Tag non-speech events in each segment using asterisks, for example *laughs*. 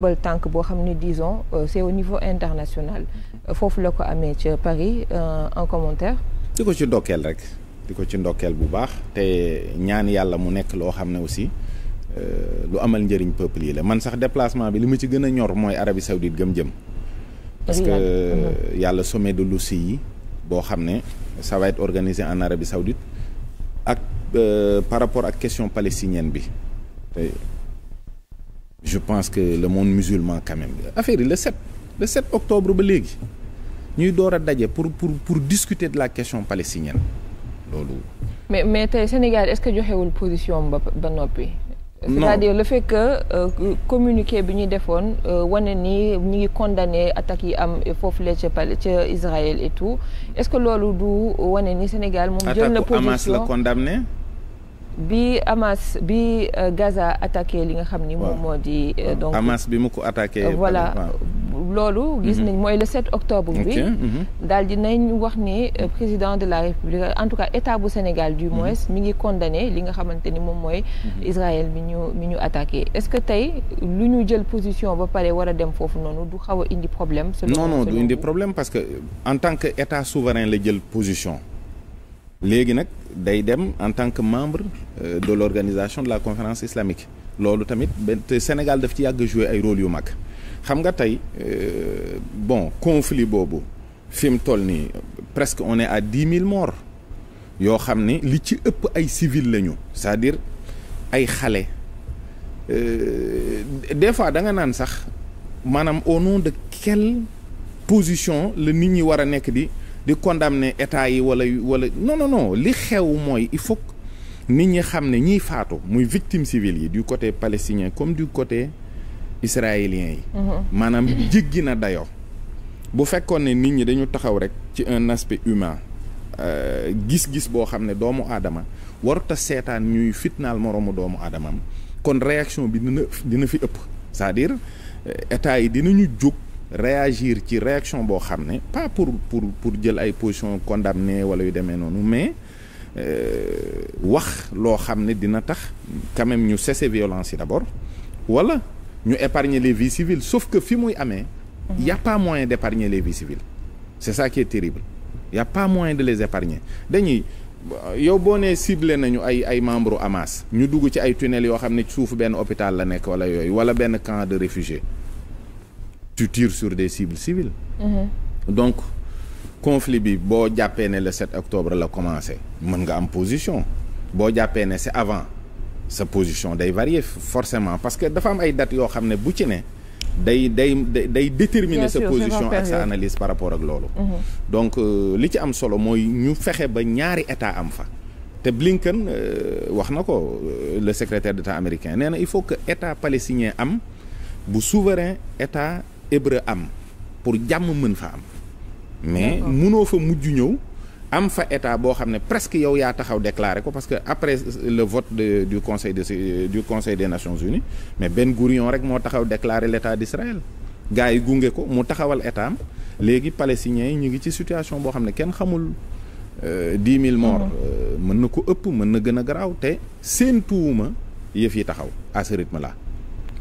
bal tànk boo xam ne disons euh, c'est au niveau international mm-hmm. foofu la ko amee ca Paris un euh, commentaire di ko ci ndokkeel rek di ko ci ndokkeel bu baax te ñaan yàlla mu nekk loo xam ne aussi euh, lu amal njëriñ peuple yi la man sax déplacement bi li ma ci gën a ñor mooy Arabie Saoudite gëm jëm parce que mhm. yàlla sommet de lussi yi boo xam ne ça va être organisé en Arabie Saoudite ak par rapport ak question palestinienne bi je pense que le monde musulman quand même affaire yi le 7 le octobre ba léegi ñuy door a daje pour pour pour discuter de la question palestinienne loolu. mais mais tey Sénégal est-ce que joxewul position ba ba noppi. non c'est-à-dire le fait que euh, communiqué bi ñuy defoon euh, wane ni ñu ngi condamné attaques yi am foofu la ca pal ca Israël et tout est-ce que loolu du wane ni Sénégal moom. jël na position la condamné. bi Hamas bi euh, Gaza attaque li nga xam ni moom moo di euh, donc Hamas bi mu ko attaqué voilà loolu gis mhm. nañ mooy le 7 octobre bi mhm. daal di nañ wax ni euh, président de la République en tout cas état bu Sénégal du mhm. mois mi ngi condamné li nga xamante ni moom mooy Israël mi ñu mi ñu attaqué est-ce que tey lu ñu jël position ba pare war a dem foofu noonu du xaw a indi problème est non du indi problème parce que en tant que état souverain la jël position léegi nag day dem en tant que membre euh, de l'organisation de la conférence islamique loolu tamit te Sénégal daf ci yàgg jouer ay rôle yu mag xam nga tey euh, bon conflit boobu fi mu toll nii presque on est à dix mille morts yoo xam ni li ci ëpp ay civil lañu c'est-à-dire ay xale euh, des fois da nga naan sax maanaam au nom de quelle position la nit ñi war a nekk di di ne état yi wala wala non non non li xew mooy il faut nit ñi xam ne ñiy faatu muy victime civile yi du côté palestinien comme du côté israélien yi. Mhm. maanaam jéggi na dayo bu fekkoon ne nit ñi dañu taxaw rek ci un aspect humain euh, gis-gis boo xam ne doomu aadama warut seetaan ñuy fitnaal moroomu doomu aadamam kon réaction bi dina fi ëpp c'est-à-dire euh, état yi dinañu jóg. réagir ci réaction boo xam ne pas pour pour pour jël ay position condamné wala yu demee noonu mais euh, wax loo xam ne dina tax quand ñu cesser violence yi d'abord wala ñu épargner les vies civiles sauf que fi muy amee mhm. y a pas moyen d'épargner les vies civiles c'est ça qui est terrible y a pas moyen de les épargner dañuy yow boo nee ciblé nañu ay ay membre u Hamas ñu dugg ci ay tunnel yoo xam ne suufu benn hôpital la nekk wala yooyu wala benn camp de réfugiés tu tires sur des cibles civiles. Mhm. donc conflit bi boo jàppee ne le 7 octobre la commencé mën nga am position boo jàppee ne c'est avant sa position day varier forcément parce que dafa am ay dates yoo xam ne bu ci ne day day day déterminer sa position ak sa analyse par rapport ak loolu mhm. donc euh, li ci am solo mooy ñu fexe ba ñaari état am fa te Blinken euh, wax na ko euh, la secrétaire d'État américain nee na il faut que état palestinien am bu souverain état hébreu am pour jàmm mën fa am mais munoo fa mujj ñëw am fa état boo xam ne presque yow yaa taxaw déclaré ko parce que après le vote de, du conseil de du conseil de nations unies mais benn Gourion rek moo taxaw déclaré l'état d'Israël gars yi gunge ko mu taxawal état am léegi palestiniens yi ñu ngi ci situation boo xam ne kenn xamul euh, dix mille morts mm-hmm. euh, mën na ko ëpp mën na gën a garaaw te seen tuuma yëf yi taxaw à ce rythme là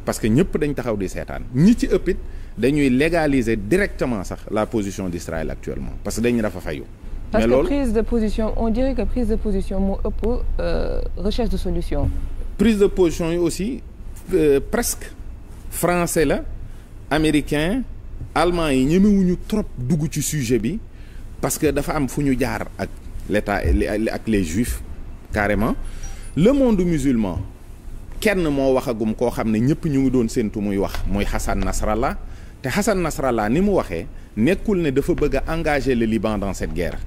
parce que ñëpp dañ taxaw di seetaan ñi ci ëppit dañuy légaliser directement sax la position d'Israël actuellement parce que dañu dafa fayu mais loolu parce que prise de position on dirait que prise de position moo ëpp euh, recherche de solution. prise de position yi aussi euh, presque français la américain allemand yi ñemewuñu trop dugg ci sujet bi parce que dafa am fu ñu jaar ak l'État ak les juifs carrément le monde musulman kenn moo waxagum koo xam ne ñëpp ñu ngi doon séntu muy wax muy Hassan Nasrallah te Hassan Nasrallah ni mu waxee nekkul ne dafa bëgg a engager le Liban dans cette guerre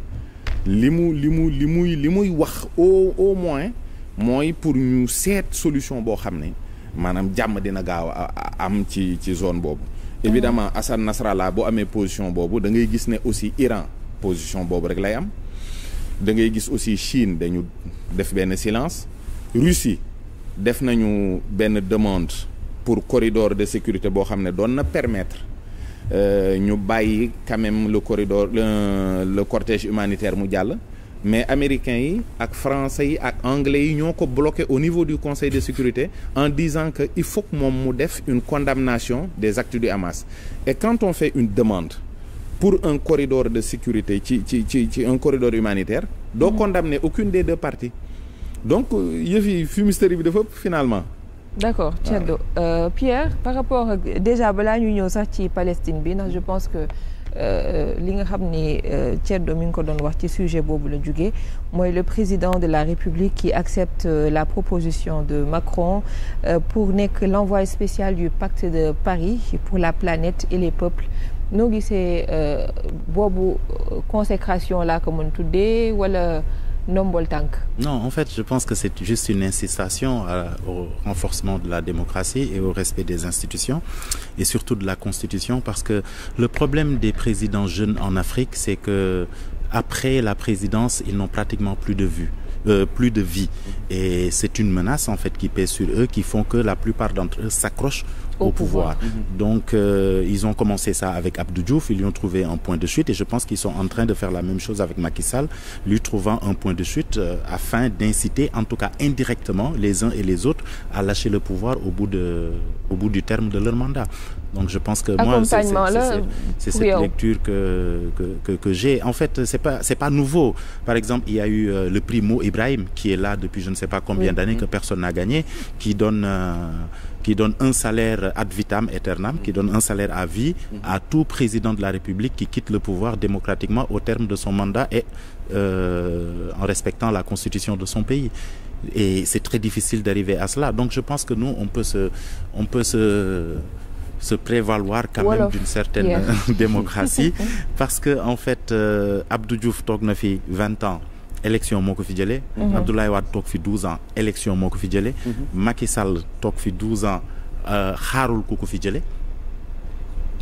li mu li mu li muy li muy wax au au moins mooy pour ñu seet solution boo xam ne maanaam jàmm dina gaaw a am ci ci zone boobu évidemment Hassan Nasrallah bu amee position boobu da ngay gis ne aussi Iran position boobu rek lay am da ngay gis aussi Chine dañu def benn silence Russie def nañu benn demande pour corridor de sécurité boo xam ne doon na permettre euh, ñu bàyyi quand même le corridor le, le cortège humanitaire mu jàll mais américains yi ak français yi ak anglais yi ñoo ko bloqué au niveau du conseil de sécurité en disant que il faut que moom mu def une condamnation des actes du Hamas et quand on fait une demande pour un corridor de sécurité ci ci ci ci un corridor humanitaire doo mm-hmm. condamner aucune des deux parties donc euh, yëf yi fumisterie bi dafa finalement d'accord ah. Thiedo euh, Pierre par rapport ak déjà balaa ñuy ñëw sax ci Palestine bi ndax je pense que euh, li nga xam ni euh, Thiedo mi ngi ko doon wax ci sujet boobu la jóge mooy le président de la République qui accepte euh, la proposition de Macron pour nekk l'envoyé spécial du pacte de Paris pour la planète et les peuples noo gisee boobu consécration laa ko mën tuddee wala ndombol tànk. non en fait je pense que c'est juste une incitation à, au renforcement de la démocratie et au respect des institutions et surtout de la constitution parce que le problème des présidents jeunes en Afrique c'est que après la présidence ils n'ont pratiquement plus de vue. Euh, plus de vie et c'est une menace en fait qui pèse sur eux qui font que la plupart d'entre eux s'accrochent au pouvoir. Mmh. Donc, euh, ils ont commencé ça avec Abdou Diouf, ils lui ont trouvé un point de chute et je pense qu'ils sont en train de faire la même chose avec Macky Sall, lui trouvant un point de chute euh, afin d'inciter, en tout cas indirectement, les uns et les autres à lâcher le pouvoir au bout, de, au bout du terme de leur mandat. Donc je pense que moi, c'est cette oui, oh. lecture que, que, que, que j'ai. En fait, ce n'est pas, pas nouveau. Par exemple, il y a eu euh, le prix Mo Ibrahim, qui est là depuis je ne sais pas combien oui. d'années, mm. que personne n'a gagné, euh, qui donne... un salaire ad vitam aeternam, qui donne un salaire à vie mm. à tout président de la République qui quitte le pouvoir démocratiquement au terme de son mandat et euh, en respectant la constitution de son pays. Et c'est très difficile d'arriver à cela. Donc je pense que nous, on on peut se prévaloir quand Wolof. même d'une certaine yeah. *laughs* démocratie *laughs* parce que en fait euh, Abdou Diouf toog na fi vingt ans élection moo ko fi jëlee mhm. Abdoulaye Wade toog fi douze ans élection moo ko fi jëlee mhm. Macky Sall toog fi douze ans euh, xaarul ku ko fi jëlee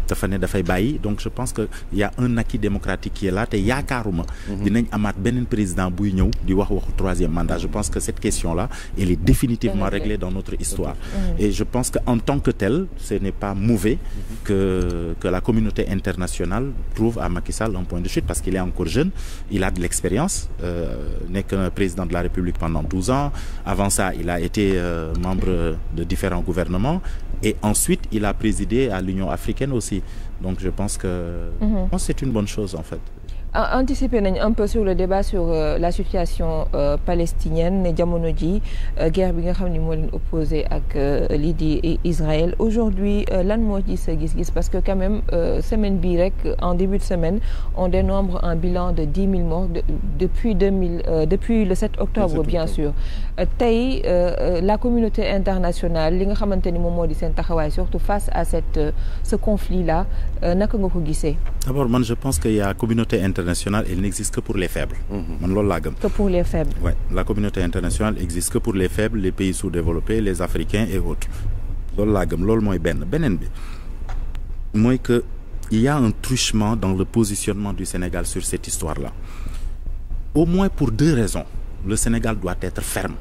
dafa ne dafay bàyyi donc je pense que y a un acquis démocratique qui est là te yaakaaruma mhm. dinañ amaat beneen président buy ñëw di wax waxu troisième mandat mhm. je pense que cette question là est définitivement réglée dans notre histoire mhm. et je pense que en tant que tel ce n'est pas mauvais que la communauté internationale trouve à Macky un point de chute parce qu'il est encore jeune il a de l'expérience nekk euh, euh il a présidé à l'Union africaine Donc je pense que mm -hmm. c'est une bonne chose en fait. anticiper nañ un peu sur le débat sur euh, la situation euh, palestinienne ne jamono ji euh, guerre bi nga xam ni moo leen opposé ak euh, lii di Israël aujourd'hui euh, lan moo ci se gis-gis parce que quand même semaine bii rek en début de semaine on dénombre un bilan de dix mille morts depuis deux mille depuis le 7 octobre bien sûr tey la communauté internationale li nga xamante ni moom moo di seen taxawaay surtout face à cette ce conflit là naka nga ko gisee d'abord man je pense que y internationale elle n'existe que pour les faibles. Mhm. man laa gëm. que pour les faibles. oui la communauté internationale existe que pour les faibles les pays sous-développés les africains et autres loolu laa gëm loolu mooy benn beneen bi mooy que il y a un truchement dans le positionnement du Sénégal sur cette histoire-là au moins pour deux raisons le Sénégal doit être ferme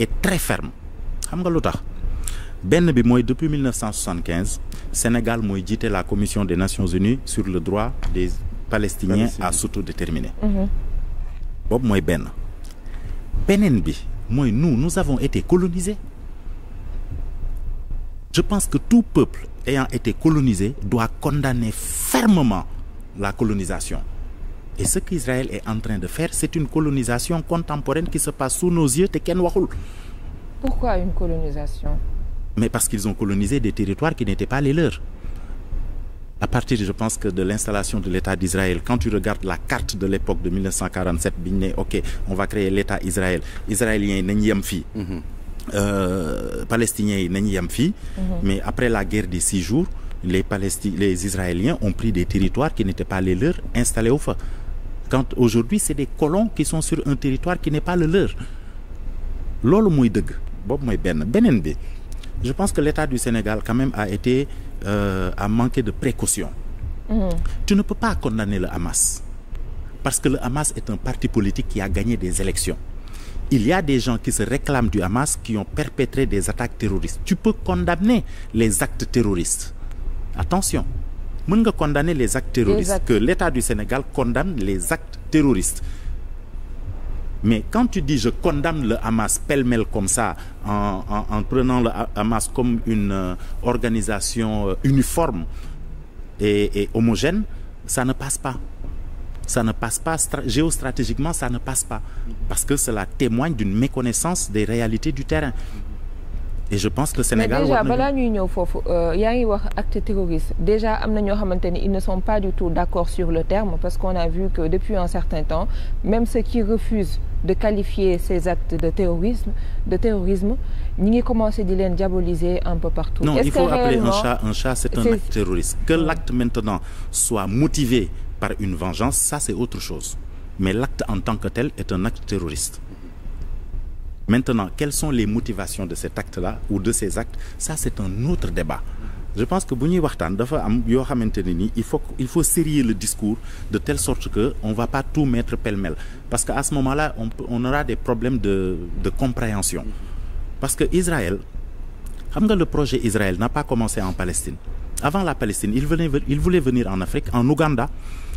et très ferme xam nga lu tax. benn bi mooy depuis 1975 Sénégal mooy jiite la commission des Nations Unies sur le droit des palestinien à s'autodéterminer mhm. boobu mooy benn beneen bi mooy nous nous avons été colonisés je pense que tout peuple ayant été colonisé doit condamner fermement la colonisation et ce qu'Israël est en train de faire c'est une colonisation contemporaine qui se passe sous nos yeux te kenn waxul pourquoi une colonisation mais parce qu'ils ont colonisé des territoires qui n'étaient pas les leurs partir je pense que de l'installation de l'État d'Israël quand tu regardes la carte de l'époque yem fii mhm. euh, palestiniens yi yem fii mhm. mais après la guerre des six jours les Palestiniens les Israéliens ont pris des territoires qui n'étaient pas les leurs installés au fa quand aujourd'hui c'est des colons qui sont sur un territoire qui n'est loolu mooy dëgg boobu mooy benn beneen bi je pense que l'État du Sénégal quand même a été euh, a manqué de précaution mmh. tu ne peux pas condamner le Hamas parce que le Hamas est un parti politique qui a gagné des élections il y a des gens qui se réclament du Hamas qui ont perpétré des attaques terroristes tu peux condamner les actes terroristes attention mën nga condamner les les actes. que l'État du Sénégal condamne les actes terroristes mais quand tu dis je condamne le Hamas pêle-mêle comme ça en, en, en prenant le Hamas comme une euh, organisation euh, uniforme et, et homogène ça ne passe pas ça ne passe pas géostratégiquement ça ne passe pas parce que cela témoigne d'une méconnaissance des réalités du terrain et je pense que Sénégal mais déjà balaa ñuy foofu euh, yaa ngi wax acte terroriste déjà am na ñoo xamante ni ils ne sont pas du tout d'accord sur le terme parce qu'on a vu que depuis un certain temps même ceux qui refusent de qualifier ces actes de terrorisme de terrorisme ñi ngi commencé di leen diaboliser un peu partout. non il faut appeler un chat un chat c'est un acte terroriste. que l'acte maintenant soit motivé par une vengeance ça c'est autre chose mais l'acte en tant que tel est un acte terroriste. maintenant quelles sont les motivations de cet acte-là ou de ces actes ça c'est un autre débat. je pense que bu ñuy waxtaan dafa am yoo xamante ne ni il faut il faut sérier le discours de telle sorte que on va pas tout mettre pêle-mêle parce que à ce de de compréhension que Israël xam nga le projet Israël n'a pas commencé en Palestine avant la Palestine il venait il voulait venir en Afrique en Ouganda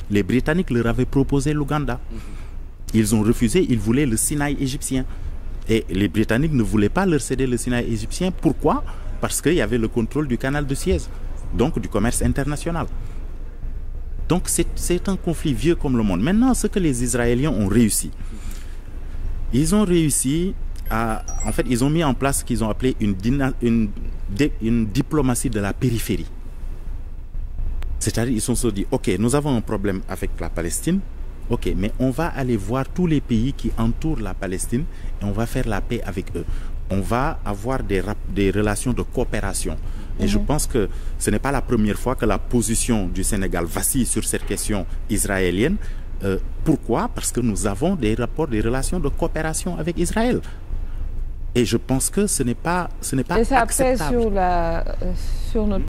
les Britanniques leur avaient proposé l'Ouganda mm-hmm. ils ont refusé ils voulaient le Sinaï égyptien et les Britanniques ne voulaient pas leur céder le Sinaï égyptien pourquoi parce qu'il y avait le contrôle du canal de Suez, donc du commerce international. Donc c'est un conflit vieux comme le monde. Maintenant, ce que les Israéliens ont réussi, ils ont réussi à... En fait, ils ont mis en place ce qu'ils ont appelé une, une, une diplomatie de la périphérie. C'est-à-dire, ils se sont dit, OK, nous avons un problème avec la Palestine, OK, mais on va aller voir tous les pays qui entourent la Palestine et on va faire la paix avec eux. on va avoir des, des relations de coopération. Et je mhm. pense que ce n'est pas la première fois que la position du Sénégal vacille sur cette question israélienne. Euh, pourquoi Parce que nous avons des rapports, des relations de coopération avec Israël. Et je pense que ce n'est pas, ce n'est pas Et acceptable. la, euh,